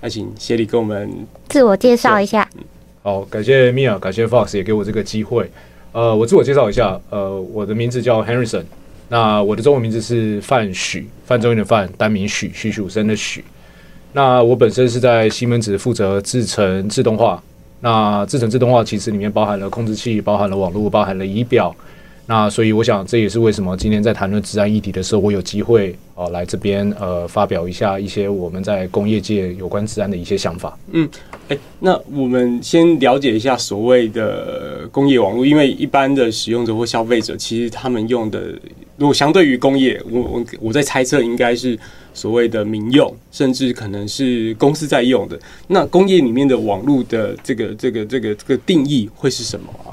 還、啊、請協理跟我們自我介紹一下。好，感謝 Mia，感謝 Fox 也給我這個機會。呃，我自我介紹一下，呃，我的名字叫 Henrison，那我的中文名字是范許，范仲淹的范，單名許，栩栩如生的栩。那我本身是在西門子負責製程自動化。那製程自動化其實裡面包含了控制器，包含了網絡，包含了儀表。那所以我想，這也是為什麼今天在談論資安議題的時候，我有機會啊、呃、來這邊呃發表一下一些我們在工業界有關資安的一些想法。嗯，誒、欸，那我們先了解一下所謂的工業網絡，因為一般的使用者或消費者，其實他們用的，如果相對於工業，我我我在猜測應該是所謂的民用，甚至可能是公司在用的。那工業裡面的網絡的這個這個這個這個定義會是什麼啊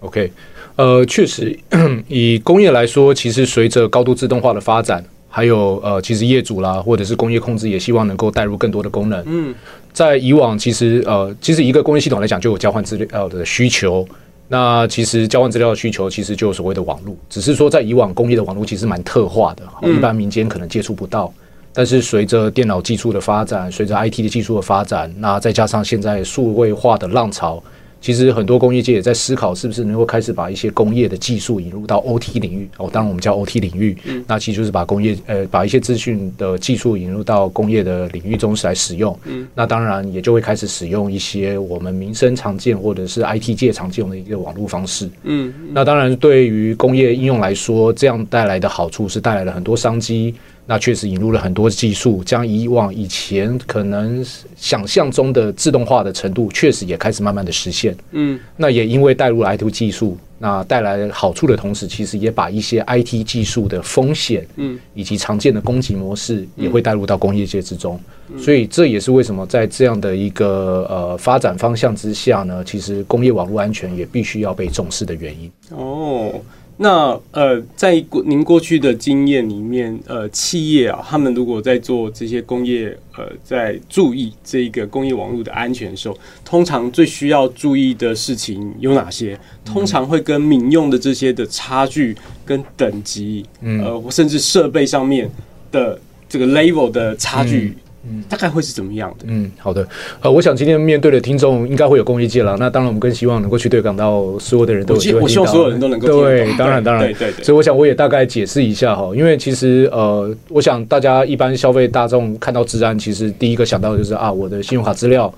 ？OK。呃，確實，以工業來說，其實隨着高度自動化的發展，還有呃，其實業主啦，或者是工業控制也希望能夠帶入更多的功能。嗯，在以往，其實呃，其實一個工業系統來講，就有交換資料的需求。那其實交換資料的需求，其實就有所謂的網絡。只是說，在以往工業的網絡其實蠻特化的，一般民間可能接觸不到。嗯，但是隨着電腦技術的發展，隨着 IT 的技術的發展，那再加上現在數位化的浪潮。其實很多工業界也在思考，是不是能夠開始把一些工業的技術引入到 OT 領域哦。當然，我們叫 OT 領域，嗯、那其實就是把工業呃把一些資訊的技術引入到工業的領域中來使用。嗯，那當然也就會開始使用一些我們民生常見或者是 IT 界常見的一個網絡方式。嗯，嗯，那當然對於工業應用來說，這樣帶來的好處是帶來了很多商機。那確實引入了很多技術，將以往以前可能想象中的自動化的程度，確實也開始慢慢的實現。嗯，那也因為帶入了 IT 技術，那帶來好處的同時，其實也把一些 IT 技術的風險，嗯，以及常見的攻擊模式，也會帶入到工業界之中。所以這也是為什麼在這樣的一個呃發展方向之下呢，其實工業網絡安全也必須要被重視的原因。哦。那呃，在過您過去的經驗裡面，呃，企業啊，他們如果在做這些工業，呃，在注意這個工業網路的安全的時候，通常最需要注意的事情有哪些？通常會跟民用的這些的差距跟等級，呃，甚至設備上面的這個 level 的差距。嗯，大概會是怎麼樣的？嗯，好的，呃，我想今天面對的聽眾應該會有工業界啦，那當然我們更希望能夠去對抗到所有的人都有。希望有能夠對，對當，當然當然，所以我想我也大概解釋一下哈，因為其實呃，我想大家一般消費大眾看到資安，其實第一個想到的就是啊，我的信用卡資料，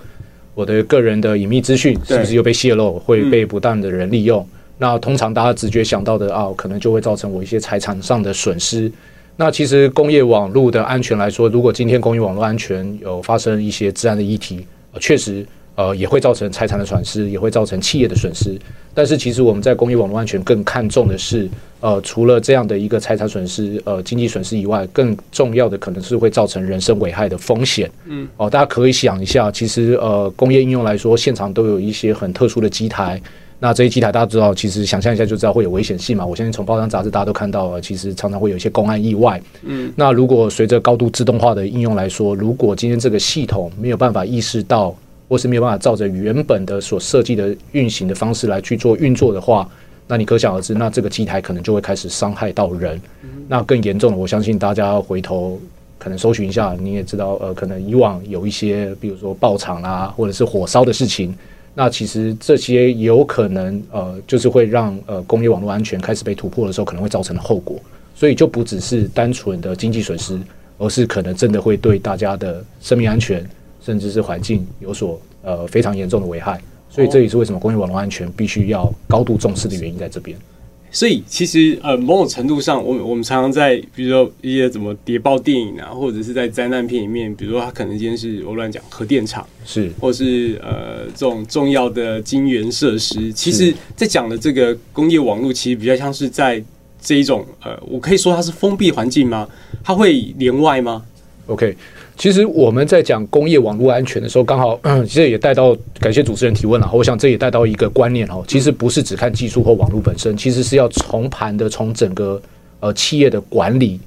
我的個人的隱秘資訊是不是又被泄露，對會被不當的人利用？嗯、那通常大家直覺想到的啊，可能就會造成我一些財產上的損失。那其實工業網絡的安全來說，如果今天工業網絡安全有發生一些資安的議題，呃，確實，呃也會造成財產的損失，也會造成企業的損失。但是其實我們在工業網絡安全更看重的是，呃，除了這樣的一個財產損失，呃經濟損失以外，更重要的可能是會造成人身危害的風險。嗯，哦，大家可以想一下，其實呃工業應用來說，現場都有一些很特殊的機台。那這些機台大家知道，其實想象一下就知道會有危險性嘛。我相信從報章雜志大家都看到了，其實常常會有一些工安意外。嗯，那如果隨着高度自動化的應用來說，如果今天這個系統沒有辦法意識到，或是沒有辦法照着原本的所設計的運行的方式來去做運作的話，那你可想而知，那這個機台可能就會開始傷害到人。那更嚴重的，我相信大家回頭可能搜尋一下，你也知道，呃，可能以往有一些，比如說爆廠啦、啊，或者是火燒的事情。那其實這些有可能呃，就是會讓呃工業網絡安全開始被突破的時候，可能會造成的後果。所以就不只是單純的經濟損失，而是可能真的會對大家的生命安全，甚至是環境有所呃非常嚴重的危害。所以這也是為什麼工業網絡安全必須要高度重視的原因，在這邊。所以其實呃，某種程度上，我我們常常在，比如說一些怎麼諜報電影啊，或者是在災難片裡面，比如說它可能今天是我亂講，核電廠是，或是呃這種重要的晶圓設施，其實，在講的這個工業網絡，其實比較像是在這一種呃，我可以說它是封閉環境嗎？它會連外嗎？OK。其實我們在講工業網絡安全的時候，剛好其實也帶到感謝主持人提問了。我想這也帶到一個觀念，其實不是只看技術或網絡本身，其實是要通盤的，從整個呃企業的管理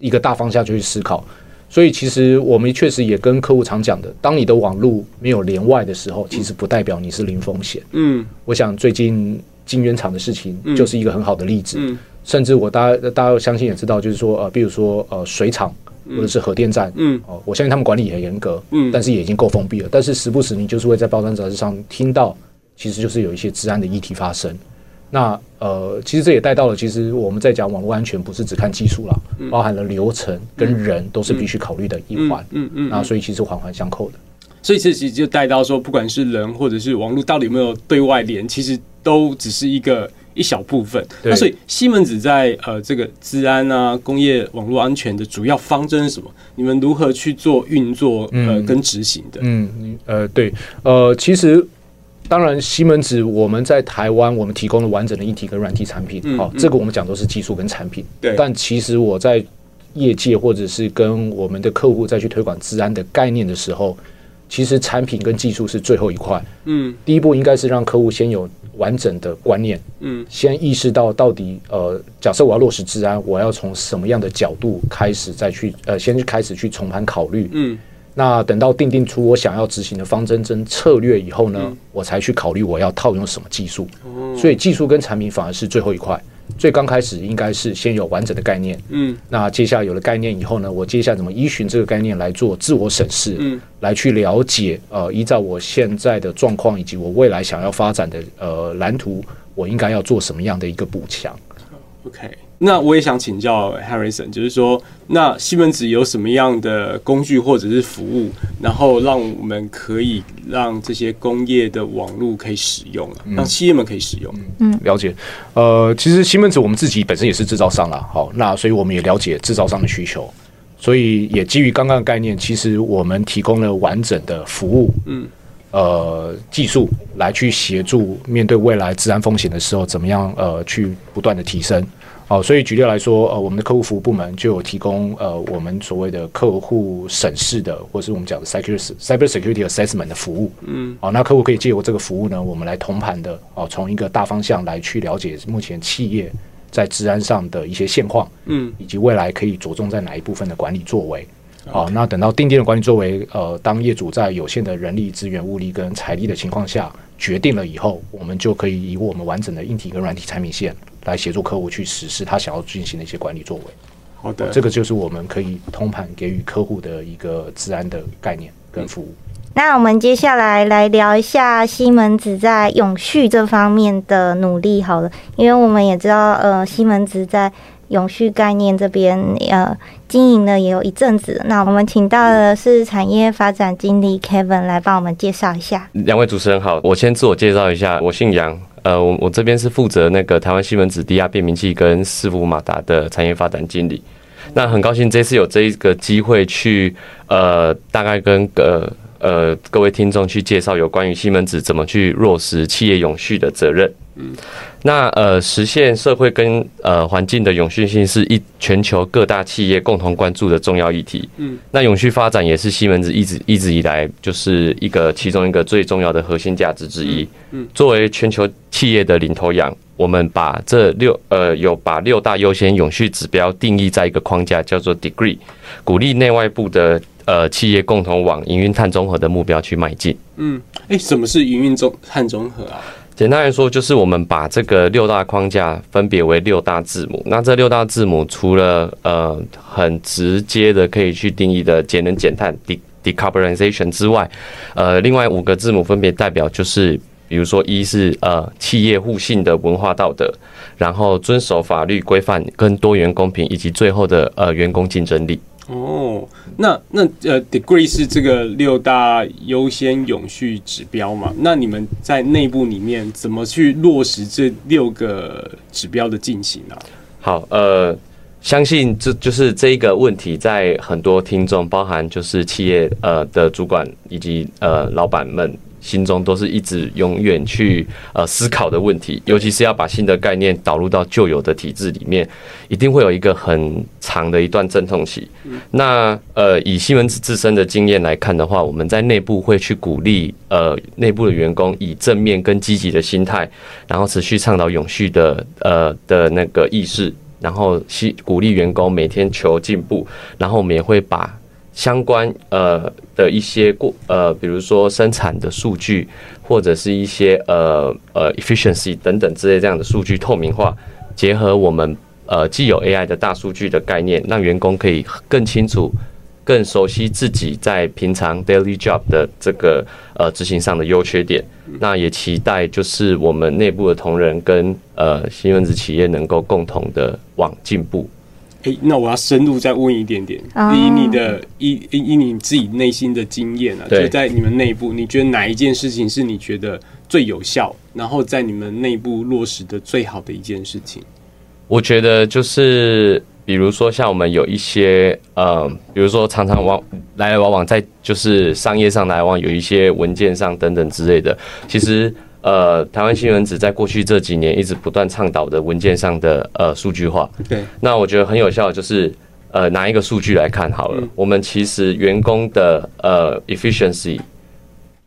一個大方向去思考。所以，其實我們確實也跟客戶常講的，當你的網絡沒有連外的時候，其實不代表你是零風險。嗯，我想最近晶圓廠的事情就是一個很好的例子。嗯嗯，甚至我大家大家相信也知道，就是說呃，比如說呃水廠。或者是核電站，嗯，哦、呃，我相信他們管理也很嚴格，嗯，但是也已經夠封閉了。但是時不時你就是會在報章雜誌上聽到，其實就是有一些治安的議題發生。那呃，其實這也帶到了，其實我們在講網絡安全，不是只看技術啦，包含了流程跟人都是必須考慮的一環、嗯，嗯嗯，嗯那所以其實環環相扣的。所以這其實就帶到說，不管是人或者是網絡到底有沒有對外連，其實都只是一個。一小部分，對那所以西門子在呃這個資安、啊，工業網絡安全的主要方針是什麼？你們如何去做運作、嗯、呃跟執行的？嗯呃對呃其實當然西門子我們在台灣我們提供了完整的硬體跟軟體產品，好、嗯嗯哦、這個我們講都是技術跟產品。對，但其實我在業界或者是跟我們的客戶再去推廣資安的概念的時候，其實產品跟技術是最後一塊。嗯，第一步應該是讓客戶先有。完整的觀念，嗯，先意識到到底，呃，假設我要落實資安，我要從什麼樣的角度開始，再去，呃，先開始去通盤考慮，嗯，那等到定定出我想要執行的方針跟策略以後呢，嗯、我才去考慮我要套用什麼技術，哦、所以技術跟產品反而是最後一塊。最剛開始應該是先有完整的概念，嗯，那接下來有了概念以後呢，我接下來怎麼依循這個概念來做自我審視，嗯，來去了解，呃，依照我現在的狀況以及我未來想要發展的呃藍圖，我應該要做什麼樣的一個補強？OK。那我也想請教 Henrison，就是說，那西門子有什麼樣的工具或者是服務，然後讓我們可以讓這些工業的網絡可以使用、啊、讓企業們可以使用、啊。嗯，嗯，了解。呃，其實西門子我們自己本身也是制造商啦，好，那所以我們也了解制造商的需求，所以也基於剛剛的概念，其實我們提供了完整的服務，嗯，呃，技術來去協助面對未來資安風險的時候，怎麼樣呃去不斷的提升。好，oh, 所以舉例來說，呃，我們的客戶服務部門就有提供呃，我們所謂的客戶審視的，或是我們講的 cybersecurity assessment 的服務。嗯，好、呃，那客戶可以借由這個服務呢，我們來同盤的，哦、呃，從一個大方向來去了解目前企業在資安上的一些現況，嗯，以及未來可以着重在哪一部分的管理作為。好、嗯呃，那等到訂定的管理作為，呃，當業主在有限的人力資源、物力跟財力的情況下決定了以後，我們就可以以我們完整的硬體跟軟體產品線。來協助客戶去實施他想要進行的一些管理作為，好的、oh, 對，這個就是我們可以通盤給予客戶的一個資安的概念跟服務。那我們接下來來聊一下西門子在永續這方面的努力好了，因為我們也知道，呃，西門子在永續概念這邊呃經營了也有一陣子。那我們請到的是產業發展經理 Kevin 來幫我們介紹一下。兩位主持人好，我先自我介紹一下，我姓楊。呃，我我這邊是負責那個台灣西門子低壓變頻器跟伺服馬達的產業發展經理。那很高興這次有這一個機會去，呃，大概跟呃。呃，各位聽眾去介紹有關於西門子怎麼去落實企業永續的責任。嗯，那呃，實現社會跟呃環境的永續性是一全球各大企業共同關注的重要議題。嗯，那永續發展也是西門子一直一直以來就是一個其中一個最重要的核心價值之一。嗯，嗯，作為全球企業的領頭羊，我們把這六呃有把六大優先永續指標定義在一個框架，叫做 Degree，鼓勵內外部的呃企業共同往營運碳中和的目標去邁進。嗯，誒，什麼是營運碳中和啊？簡單來說，就是我們把這個六大框架分別為六大字母。那這六大字母除了呃很直接的可以去定義的節能減碳 de （Decarbonisation） 之外，呃，另外五個字母分別代表就是。比如說，一是呃企業互信的文化道德，然後遵守法律規範跟多元公平，以及最後的呃員工競爭力。哦，那那呃 uh，degree 是這個六大優先永續指標嘛？那你們在內部裡面怎麼去落實這六個指標的進行呢啊？好，呃，相信這就是這一個問題，在很多聽眾，包含就是企業呃的主管以及呃老板們，心中都是一直永遠去呃思考的問題，尤其是要把新的概念導入到舊有的體制裡面，一定會有一個很長的一段陣痛期。那呃，以西門子自身的經驗來看的話，我們在內部會去鼓勵呃內部的員工以正面跟積極的心態，然後持續倡導永續的呃的那個意識，然後吸鼓勵員工每天求進步，然後我們也會把。相關呃的一些過呃，比如說生產的數據，或者是一些呃呃 efficiency 等等之類這樣的數據透明化，結合我們呃既有 AI 的大數據的概念，讓員工可以更清楚、更熟悉自己在平常 daily job 的這個呃執行上的優缺點。那也期待就是我們內部的同仁跟呃西門子企業能夠共同的往進步。誒，那我要深入再問一點點，以你的一、Oh. 以以你自己內心的經驗啊，就在你們內部，對你覺得哪一件事情是你覺得最有效，然後在你們內部落實的最好的一件事情？我覺得就是，比如說像我們有一些呃，比如說常常往來來往往在就是商業上來往，有一些文件上等等之類的，其實。 呃，台灣西門子在過去這幾年一直不斷倡導的文件上的呃數據化。對，Okay. 那我覺得很有效，就是呃拿一個數據來看好了。我們其實員工的呃 efficiency，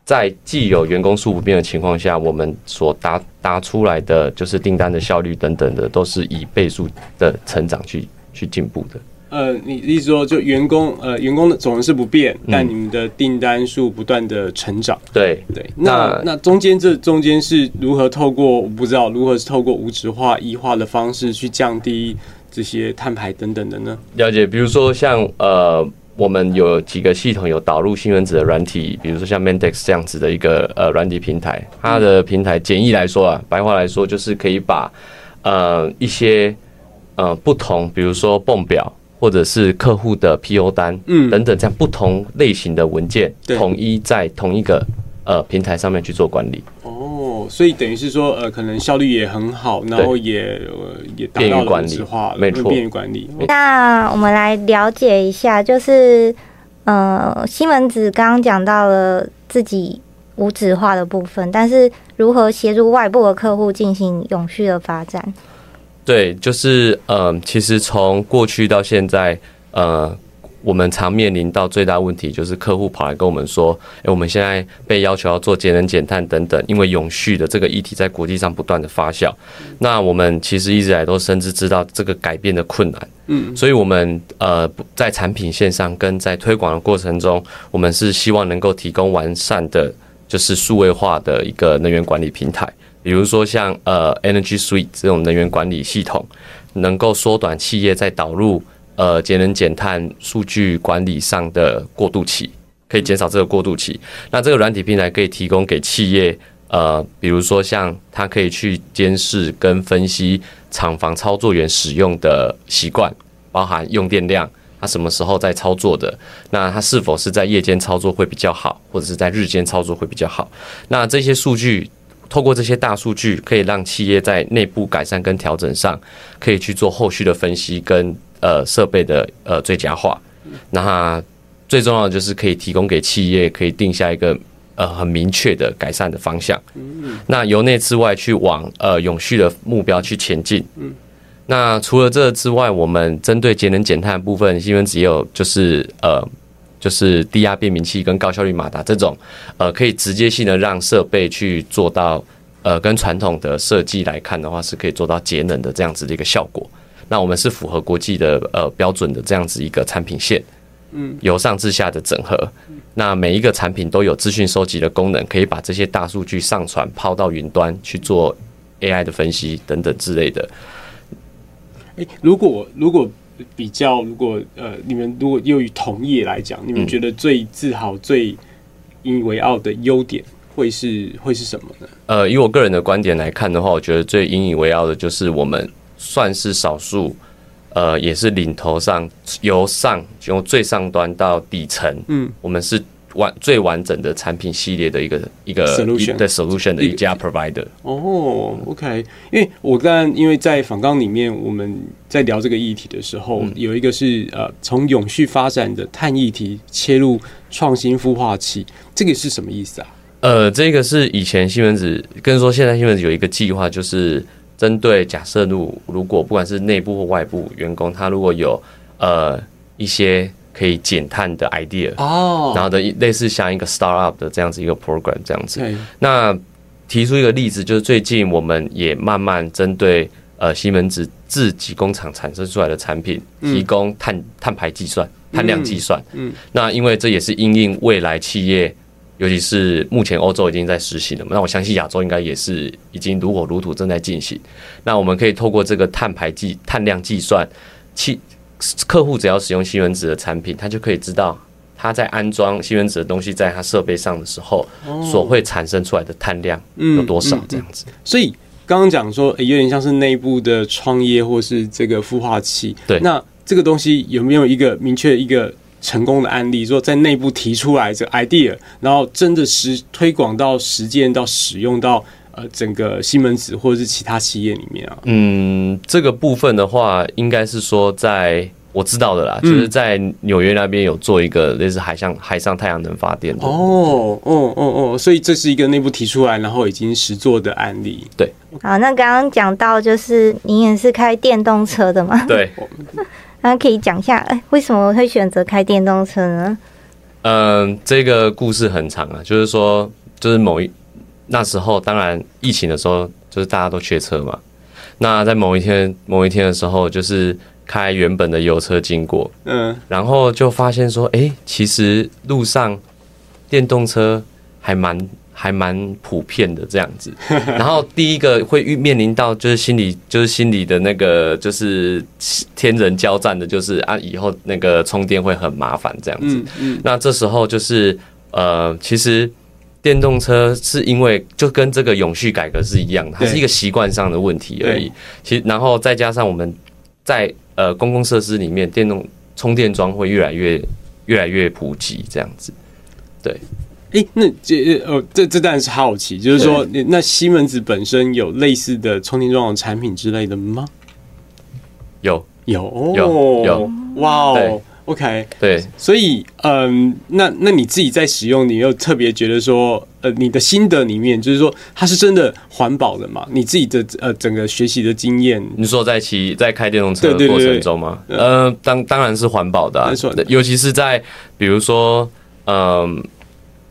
在既有員工數不變的情況下，我們所達達出來的就是訂單的效率等等的，都是以倍數的成長去去進步的。呃，你意思說就員工呃，員工的總人數不變，但你們的訂單數不斷的成長。嗯、對對，那那，那中間這中間是如何透過我不知道如何是透過無紙化一化的方式去降低這些碳排等等的呢？了解，比如說像呃，我們有幾個系統有導入西門子的軟體，比如說像 Mendix 這樣子的一個呃軟體平台，它的平台簡易來說啊，白話來說就是可以把呃一些呃不同，比如說 BOM 表。或者是客戶的 PO 單，嗯，等等，這樣不同類型的文件對統一在同一個呃平台上面去做管理。哦，所以等於是說，呃，可能效率也很好，然後也對、呃、也達到了無紙化，沒錯，便於管理。那我們來了解一下，就是呃，西門子剛剛講到了自己無紙化的部分，但是如何協助外部的客戶進行永續的發展？對，就是呃，其實從過去到現在，呃，我們常面臨到最大問題就是客戶跑來跟我們說，誒、欸，我們現在被要求要做節能減碳等等，因為永續的這個議題在國際上不斷的發酵。那我們其實一直以來都深知知道這個改變的困難，嗯，所以我們呃在產品線上跟在推廣的過程中，我們是希望能夠提供完善的，就是數位化的一個能源管理平台。比如說像呃，Energy Suite 這種能源管理系統，能夠縮短企業在導入呃節能減碳數據管理上的過渡期，可以減少這個過渡期。那這個軟體平台可以提供給企業，呃，比如說像它可以去監視跟分析廠房操作員使用的習慣，包含用電量，它什麼時候在操作的，那它是否是在夜間操作會比較好，或者是在日間操作會比較好？那這些數據。透過這些大數據，可以讓企業在內部改善跟調整上，可以去做後續的分析跟呃設備的呃最佳化。那最重要的就是可以提供給企業，可以定下一個呃很明確的改善的方向。那由內之外去往呃永續的目標去前進。那除了這之外，我們針對節能減碳的部分，因為只有就是呃。就是低壓變頻器跟高效率馬達這種，呃，可以直接性的讓設備去做到，呃，跟傳統的設計來看的話，是可以做到節能的這樣子的一個效果。那我們是符合國際的呃標準的這樣子一個產品線，嗯，由上至下的整合。那每一個產品都有資訊收集的功能，可以把這些大數據上傳拋到雲端去做 AI 的分析等等之類的哎。如果如果，比較，如果呃，你們如果又以同業來講，你們覺得最自豪、嗯、最引以為傲的優點會是會是什麼呢？呃，以我個人的觀點來看的話，我覺得最引以為傲的就是我們算是少數，呃，也是領頭上由上從最上端到底層，嗯，我們是。完最完整的產品系列的一個一個的 solution、yeah, solution 的一家 provider 哦，oh，OK，因為我剛剛因為在訪綱裡面我們在聊這個議題的時候，嗯，有一個是呃從永續發展的碳議題切入創新孵化器，這個是什麼意思啊？呃，這個是以前西門子跟說現在西門子有一個計劃，就是針對假設路如果不管是內部或外部員工，他如果有呃一些。可以減碳的 idea 哦，oh. 然後的類似像一個 startup 的這樣子一個 program 這樣子。Okay. 那提出一個例子，就是最近我們也慢慢針對呃西門子自己工廠產生出來的產品，提供碳碳排計算、碳量計算。嗯，那因為這也是因應未來企業，尤其是目前歐洲已經在實行了，那我相信亞洲應該也是已經如火如荼正在進行。那我們可以透過這個碳排計、碳量計算客戶只要使用西門子的產品，他就可以知道他在安裝西門子的東西在他設備上的時候，所會產生出來的碳量有多少這樣子。嗯嗯嗯、所以剛剛講說、欸，有點像是內部的創業或是這個孵化器。對，那這個東西有沒有一個明確一個成功的案例？說在內部提出來這 idea，然後真的是推廣到實踐到使用到。呃，整個西門子或者是其他企業裡面啊，嗯，這個部分的話，應該是說在我知道的啦，嗯、就是在紐約那邊有做一個類似海上海上太陽能發電的，哦哦哦哦，所以這是一個內部提出來，然後已經實作的案例。對，好，那剛剛講到就是你也是開電動車的嘛？對，那、 啊、可以講一下，哎，為什麼我會選擇開電動車呢？嗯，這個故事很長啊，就是說，就是某一。那時候當然疫情的時候，就是大家都缺車嘛。那在某一天某一天的時候，就是開原本的油車經過，嗯，然後就發現說，哎，其實路上電動車還蠻還蠻普遍的這樣子。然後第一個會遇面臨到就是心裡就是心裡的那個就是天人交戰的，就是啊以後那個充電會很麻煩這樣子。那這時候就是呃，其實。電動車是因為就跟這個永續改革是一樣的，它是一個習慣上的問題而已。其然後再加上我們在呃公共設施裡面，電動充電樁會越來越越來越普及，這樣子。對，哎對對、呃欸，那這呃，這這當然是好奇，就是說對 那西門子本身有類似的充電樁的產品之類的嗎？有有有，哇哦！OK，對，所以嗯、呃，那那你自己在使用，你又特別覺得說，呃，你的心得裡面就是說，它是真的環保的嘛？你自己的，呃，整個學習的經驗，你說在騎在開電動車的過程中嗎？對對對，嗯、呃，當當然是環保的，啊，的尤其是在比如說嗯、呃，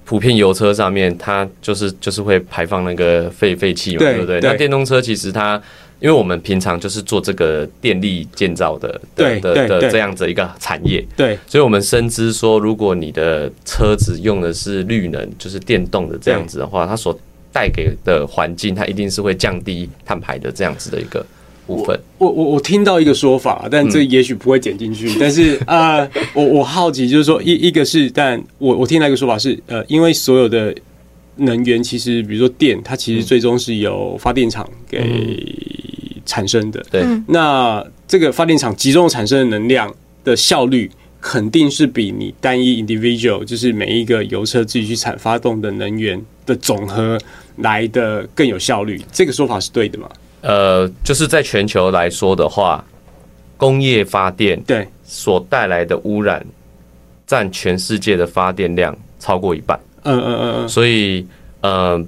普遍油車上面，它就是就是會排放那個廢廢氣嘛，對不對？對，那電動車其實它因為我們平常就是做這個電力建造的，的的這樣子一個產業，對,對，所以我們深知說，如果你的車子用的是綠能，就是電動的這樣子的話，它所帶給的環境，它一定是會降低碳排的這樣子的一個部分對對對對我。我我我聽到一個說法，但這也許不會剪進去。嗯、但是啊、呃，我我好奇，就是說一一個是，但我我聽到一個說法是，呃，因為所有的能源其實，比如說電，它其實最終是由發電廠給。嗯嗯產生的對，那這個發電廠集中產生的能量的效率，肯定是比你單一 individual 就是每一個油車自己去產發動的能源的總和來的更有效率。這個說法是對的嗎？呃，就是在全球來說的話，工業發電對所帶來的污染，占全世界的發電量超過一半。嗯嗯嗯，所以呃。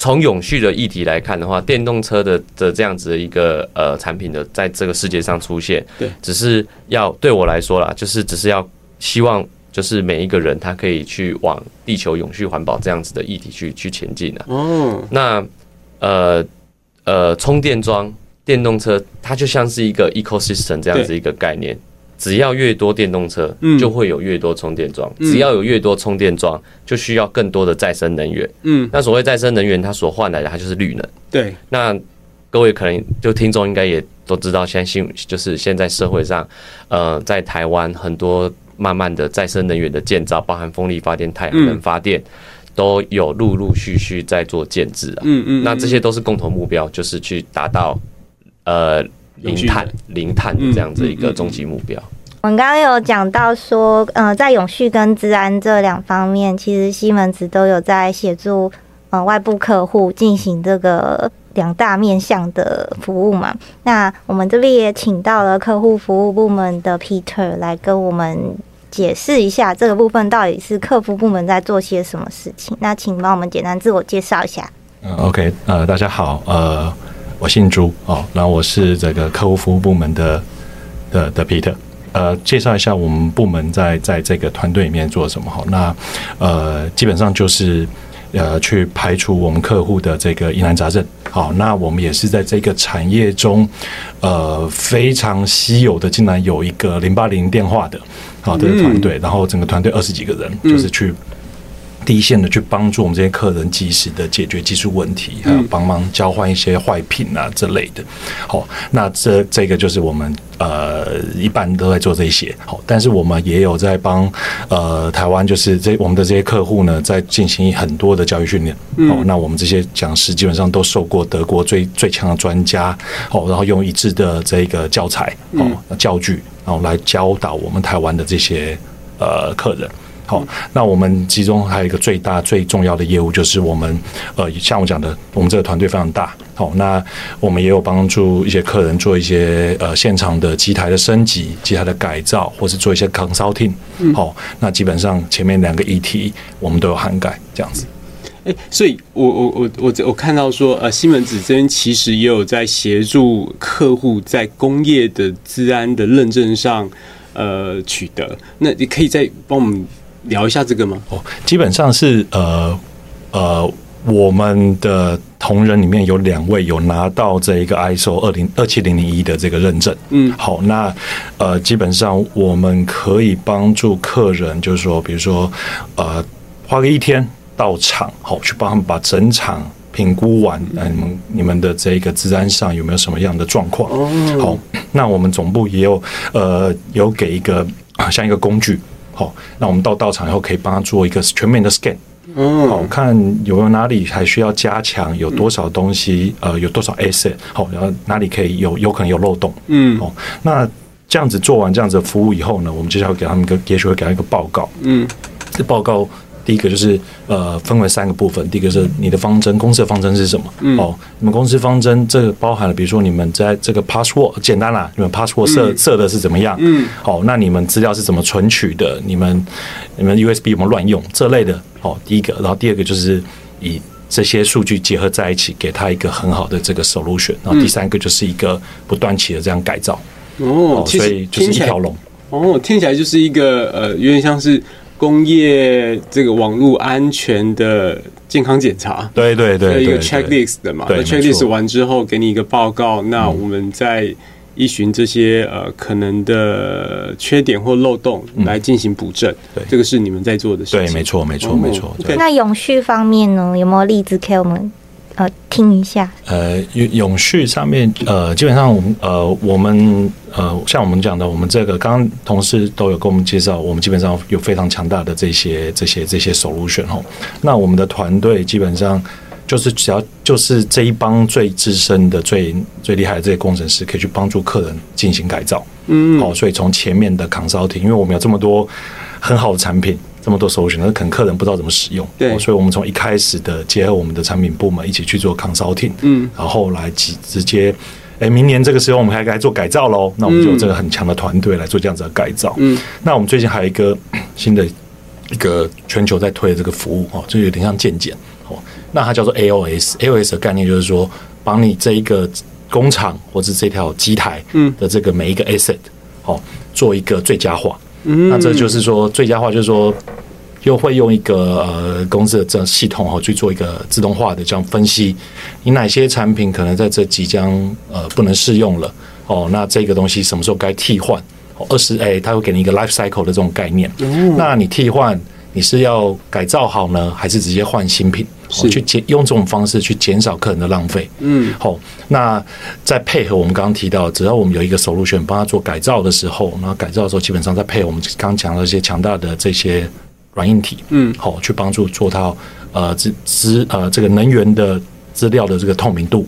從永續的議題來看的話，電動車的的這樣子的一個呃產品的在這個世界上出現，對，只是要對我來說啦，就是只是要希望，就是每一個人他可以去往地球永續環保這樣子的議題去去前進的啊。Oh. 那呃呃，充電樁、電動車，它就像是一個 ecosystem 這樣子一個概念。只要越多電動車，嗯，就會有越多充電樁、嗯。只要有越多充電樁，就需要更多的再生能源，嗯。嗯，那所謂再生能源，它所換來的，它就是綠能。對。那各位可能就聽眾應該也都知道，相信就是現在社會上，呃，在台灣很多慢慢的再生能源的建造，包含風力發電、太陽能發電，都有陸陸續續在做建置啊。嗯嗯。那這些都是共同目標，就是去達到，呃。零碳、零碳這樣子一個終極目標。嗯嗯嗯、我們剛剛有講到說，呃，在永續跟資安這兩方面，其實西門子都有在協助、呃、外部客戶進行這個兩大面向的服務嘛。嗯、那我們這邊也請到了客戶服務部門的 Peter 來跟我們解釋一下這個部分到底是客服部門在做些什麼事情。那請幫我們簡單自我介紹一下。o、okay, k 呃，大家好，呃。我姓朱哦，然後我是這個客戶服務部門的的的 Peter，呃，介紹一下我們部門在在這個團隊裡面做什麼哈。那呃，基本上就是呃去排除我們客戶的這個疑難雜症。好，那我們也是在這個產業中呃非常稀有的，竟然有一個零八零電話的好的團隊，嗯、然後整個團隊二十幾個人，就是去。第一線的去幫助我們這些客人及時的解決技術問題，還有幫忙交換一些壞品啊之類的。好，那這這個就是我們呃一般都在做這些。好，但是我們也有在幫呃台灣，就是這我們的這些客戶呢，在進行很多的教育訓練。好，那我們這些講師基本上都受過德國最最強的專家。好，然後用一致的這個教材。好，教具，然後來教導我們台灣的這些呃客人。好、哦，那我們其中還有一個最大最重要的業務就是我們呃，像我講的，我們這個團隊非常大。好、哦，那我們也有幫助一些客人做一些呃現場的機台的升級、機台的改造，或是做一些 consulting、哦。好、嗯哦，那基本上前面兩個議題我們都有涵蓋，這樣子。哎、欸，所以我我我我我看到說呃，西門子這邊其實也有在協助客戶在工業的資安的認證上呃取得。那你可以再幫我們。聊一下這個嗎？哦，基本上是呃呃，我們的同仁裡面有兩位有拿到這一個 ISO 二零二七零零一的這個認證。嗯，好，那呃，基本上我們可以幫助客人，就是說，比如說呃，花個一天到場，好去幫他們把整場評估完，你們、嗯呃、你們的這個資安上有沒有什麼樣的狀況？嗯、哦，好，那我們總部也有呃有給一個像一個工具。那我們到到場以後，可以幫他做一個全面的 scan，嗯，看有沒有哪裡還需要加強，有多少東西，呃，有多少 asset，好，然後哪裡可以有有可能有漏洞，嗯，哦，那這樣子做完這樣子的服務以後呢，我們接下來會給他們一個，也許會給他一個報告，嗯，這報告。第一個就是呃，分為三個部分。第一個是你的方針，公司的方針是什麼？嗯，哦，你們公司方針這個包含了，比如說你們在這個 password 簡單啦，你們 password 設設的是怎麼樣？嗯，哦，那你們資料是怎麼存取的？你們你們 USB 有沒有亂用這類的？哦，第一個，然後第二個就是以這些數據結合在一起，給他一個很好的這個 solution。然後第三個就是一個不斷起的這樣改造。哦，其實所以就是一條龍哦，聽起來就是一個呃，有點像是。工業這個網絡安全的健康檢查，對對對，對，有一個 checklist 的嘛，那 checklist 完之後給你一個報告，沒那我們再依循這些呃，可能的缺點或漏洞來進行補正，對，這個是你們在做的事情。對，對，沒錯沒錯沒錯。那永續方面呢，有沒有例子給我們？好，聽一下，呃，永續上面，呃，基本上我們，呃，我們，呃，像我們講的，我們這個，剛剛同事都有跟我們介紹，我們基本上有非常強大的這些、這些、這些 solution、哦、那我們的團隊基本上就是只要就是這一幫最資深的、最最厲害的這些工程師，可以去幫助客人進行改造。嗯，好、哦，所以從前面的 consulting，因為我們有這麼多很好的產品。這麼多選項，那可能客人不知道怎麼使用，對 所以我們從一開始的結合我們的產品部門一起去做 consulting，嗯，然後來直直接，哎，明年這個時候我們還該做改造嘍，那我們就有這個很強的團隊來做這樣子的改造，嗯，那我們最近還有一個新的一個全球在推的這個服務哦、喔，就有點像健檢哦，那它叫做 AOS，AOS 的概念就是說，幫你這一個工廠或者這條機台的這個每一個 asset 哦、喔，做一個最佳化。嗯，那這就是說，最佳化就是說，又會用一個呃公司的這種系統哦去做一個自動化的這樣分析，你哪些產品可能在這即將呃不能適用了哦、喔？那這個東西什麼時候該替換？二十 a 他會給你一個 life cycle 的這種概念，嗯，那你替換你是要改造好呢，還是直接換新品？是 去減用這種方式去減少客人的浪費，嗯，好，那再配合我們剛剛提到，只要我們有一個 Solution，幫他做改造的時候，那改造的時候基本上再配合我們剛剛講到一些強大的這些軟硬體，嗯，好，去幫助做到呃資資呃這個能源的資料的這個透明度，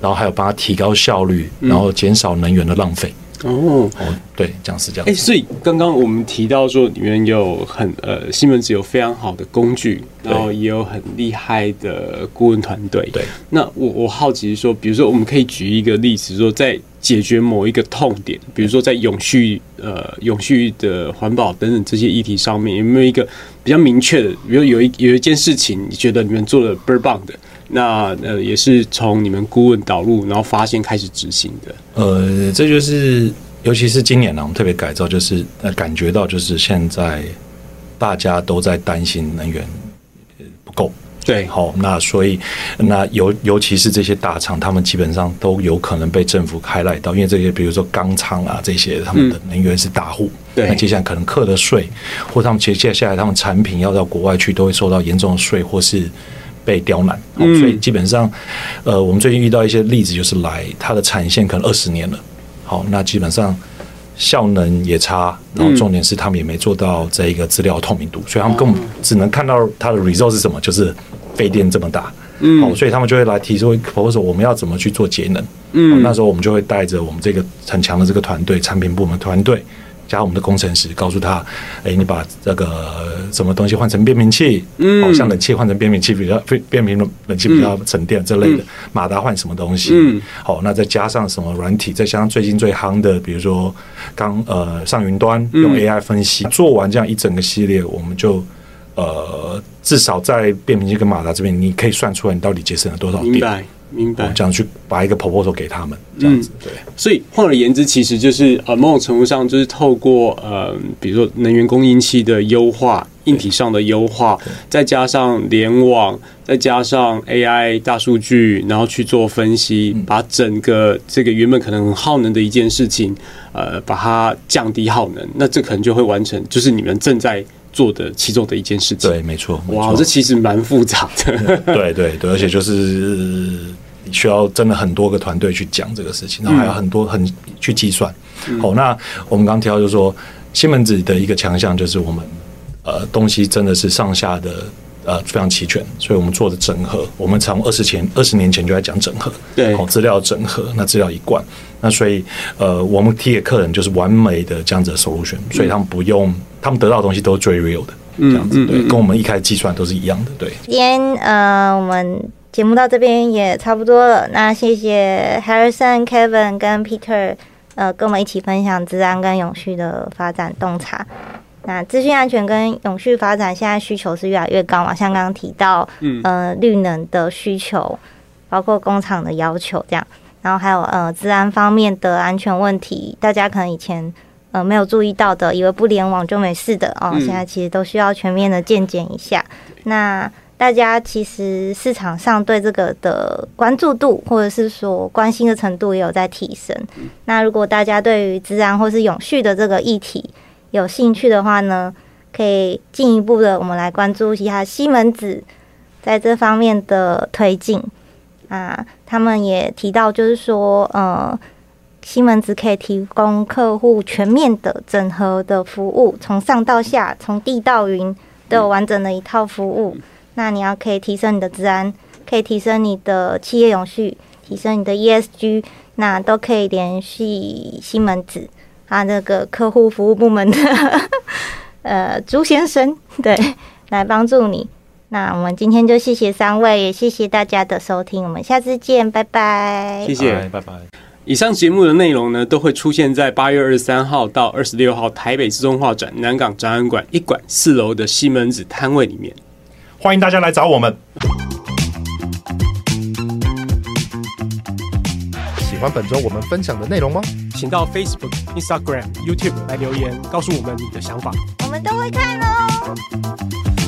然後還有幫他提高效率，然後減少能源的浪費。嗯嗯哦，哦，oh, 對，講是講，哎、欸，所以剛剛我們提到說裡面有很呃，西門子有非常好的工具，對然後也有很厲害的顧問團隊。對，那我我好奇說，比如說我們可以舉一個例子，就是、說在解決某一個痛點，比如說在永續呃永續的環保等等這些議題上面，有沒有一個比較明確的？比如有一有一件事情，你覺得你們做了倍兒棒的？那呃，也是從你們顧問導入，然後發現開始執行的。呃，這就是尤其是今年呢，啊，我們特別改造，就是呃，感覺到就是現在大家都在擔心能源不夠。對，好，那所以那尤尤其是這些大廠，他們基本上都有可能被政府開賴到，因為這些比如說鋼廠啊這些，他們的能源是大戶，嗯。對，那接下來可能課的稅，或他們接接下來他們產品要到國外去，都會受到嚴重的稅，或是。被刁難、哦，所以基本上，呃，我們最近遇到一些例子，就是來它的產線可能二十年了，好、哦，那基本上效能也差，然後重點是他們也沒做到這一個資料透明度，嗯、所以他們更只能看到它的 result 是什麼，就是費電這麼大，嗯，好，所以他們就會來提出，或者說我們要怎麼去做節能？嗯、哦，那時候我們就會帶着我們這個很強的這個團隊，產品部門團隊。加我們的工程師告訴他，哎、欸，你把這個什麼東西換成變頻器，好、嗯哦、像冷氣換成變頻器，比較變頻冷氣比較省電這類的，嗯、馬達換什麼東西？好、嗯哦，那再加上什麼軟體，再加上最近最夯的，比如說剛呃上雲端用 AI 分析，嗯、做完這樣一整個系列，我們就呃至少在變頻器跟馬達這邊，你可以算出來你到底節省了多少電。明白，我、哦、這樣去把一個 proposal 給他們，這樣子、嗯、對。所以換而言之，其實就是呃，某種程度上就是透過呃，比如說能源供應器的優化、硬體上的優化，再加上聯網，再加上 AI、大數據，然後去做分析，嗯、把整個這個原本可能耗能的一件事情，呃，把它降低耗能。那這可能就會完成，就是你們正在做的其中的一件事情。對，沒錯。沒錯，哇，這其實蠻複雜的。 對對對，而且就是。嗯呃需要真的很多個團隊去講這個事情，然後還有很多很去計算。好、嗯哦，那我們剛提到就是說，西門子的一個強項就是我們呃東西真的是上下的呃非常齊全，所以我們做的整合，我們從二十前二十年前就在講整合，對，好資、哦、料整合，那資料一貫，那所以呃我們提給客人就是完美的這樣子的 solution，所以他們不用，他們得到的東西都是最 real 的，嗯、這樣子對，跟我們一開始計算都是一樣的，對。今天呃我們。節目到這邊也差不多了，那謝謝 Henrison、Kevin 跟 Peter，呃，跟我們一起分享資安跟永續的發展洞察。那資訊安全跟永續發展現在需求是越來越高嘛？像剛剛提到，嗯，呃，綠能的需求，包括工廠的要求這樣，然後還有呃，資安方面的安全問題，大家可能以前呃沒有注意到的，以為不聯網就沒事的哦、喔，嗯，現在其實都需要全面的健檢一下。那大家其實市場上對這個的關注度，或者是說關心的程度，也有在提升。那如果大家對於資安，或是永續的這個議題有興趣的話呢，可以進一步的我們來關注一下西門子在這方面的推進啊。他們也提到，就是說，呃，西門子可以提供客戶全面的整合的服務，從上到下，從地到雲，都有完整的一套服務。那你要可以提升你的資安，可以提升你的企業永續，提升你的 ESG，那都可以聯繫西門子啊。這、那個客戶服務部門的呃朱先生，對，來幫助你。那我們今天就謝謝三位，也謝謝大家的收聽，我們下次見，拜拜。謝謝，拜拜。以上節目的內容呢，都會出現在八月二十三號到二十六號台北自動化展南港展覽館一館四樓的西門子攤位裡面。歡迎大家來找我們。喜歡本周我們分享的內容嗎？請到 Facebook、Instagram、YouTube 來留言，告訴我們你的想法。我們都會看哦。嗯